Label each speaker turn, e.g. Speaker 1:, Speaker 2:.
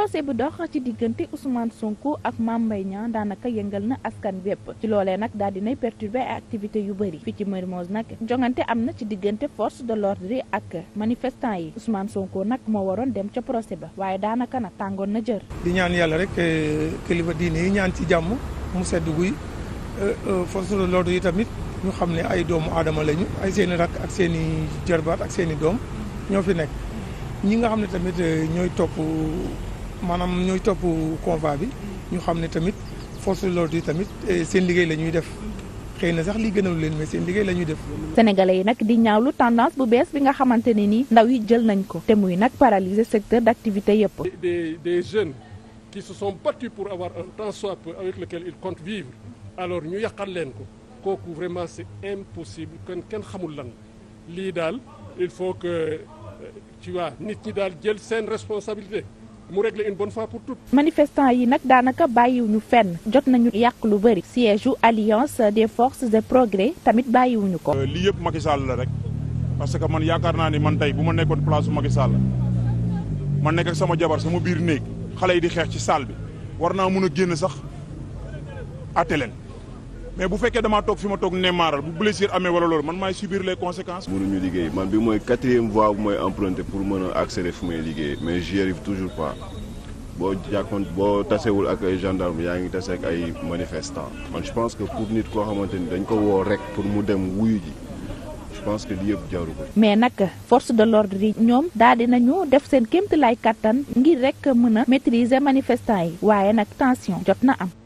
Speaker 1: procès bu dox ci diggante Ousmane Sonko ak maam Mbaye ñaan daanaka yëngal na askan bépp ci loolee nag daal dinay perturber ay activités yu bëri fi ci Mermoz nag jongante am na ci diggante force de l'ordre ak manifestant yi Ousmane Sonko nag moo waroon dem ca procès ba waaye daanaka nag tàngoon na jër
Speaker 2: di ñaan yàlla rek eh, kilifa diine yi ñaan ci jàmm mu sedd guy eh, eh, force de l'ordre yi tamit ñu xam ne ay doomu aadama lañu ay seen i rakk ak seeni i jarbaat ak seeni doom ñoo fi nekk ñi nga xam ne tamit ñooy topp maanaam ñooy topp convoi bi ñu xam ne tamit force de l'ordre yi tamit eh, seen liggéey la ñuy def xëy na sax li gënalu leen mais seen liggéey la ñuy def.
Speaker 1: sénégalais yi nag di ñaawlu tendance bu bees bi nga xamante ne ni ndaw yi jël nañ ko te muy nag paralyser secteur d'activité yëpp.
Speaker 3: des jeunes qui se sont battus pour avoir un temps soit peu avec lequel ils comptent vivre alors ñu yàqal leen ko kooku vraiment c'est impossible kenn kenn xamul lan lii daal il faut que euh, tu vois nit ñi daal jël seen responsabilité. mu régler une bonne pour toutes.
Speaker 1: manifestant yi nag daanaka bàyyiwuñu fenn jot nañu yàq lu bëri. siège u alliance des forces de progrès tamit bàyyiwuñu ko. Euh,
Speaker 4: lii yëpp Macky Sall la rek parce que man yaakaar naa ni man tey bu ma nekkoon place su Macky Sall man nekk ak sama jabar sama biir néeg xale yi di xeex ci salle bi war naa mun a génn sax àtte leen mais bu fekkee damaa toog fi ma toog nemmaaral bu blessure amee wala loolu man maay subir les conséquences. mënuñu liggéey man
Speaker 5: bi mooy quatrième voie bu mooy emprunté pour mën a accéder fu may liggéey mais j'y arrive toujours pas boo jàkkoon boo tasewul ak ay gendarme yaa ngi tase ak ay manifestants. man je pense que pour nit koo xamante ni dañ ko woo rek pour mu dem wuyu ji. pense que lii yëpp jaaru ko.
Speaker 1: mais nag force de l'ordre yi ñoom daal di nañu def seen kéemtalaay kàttan ngir rek mën a maîtriser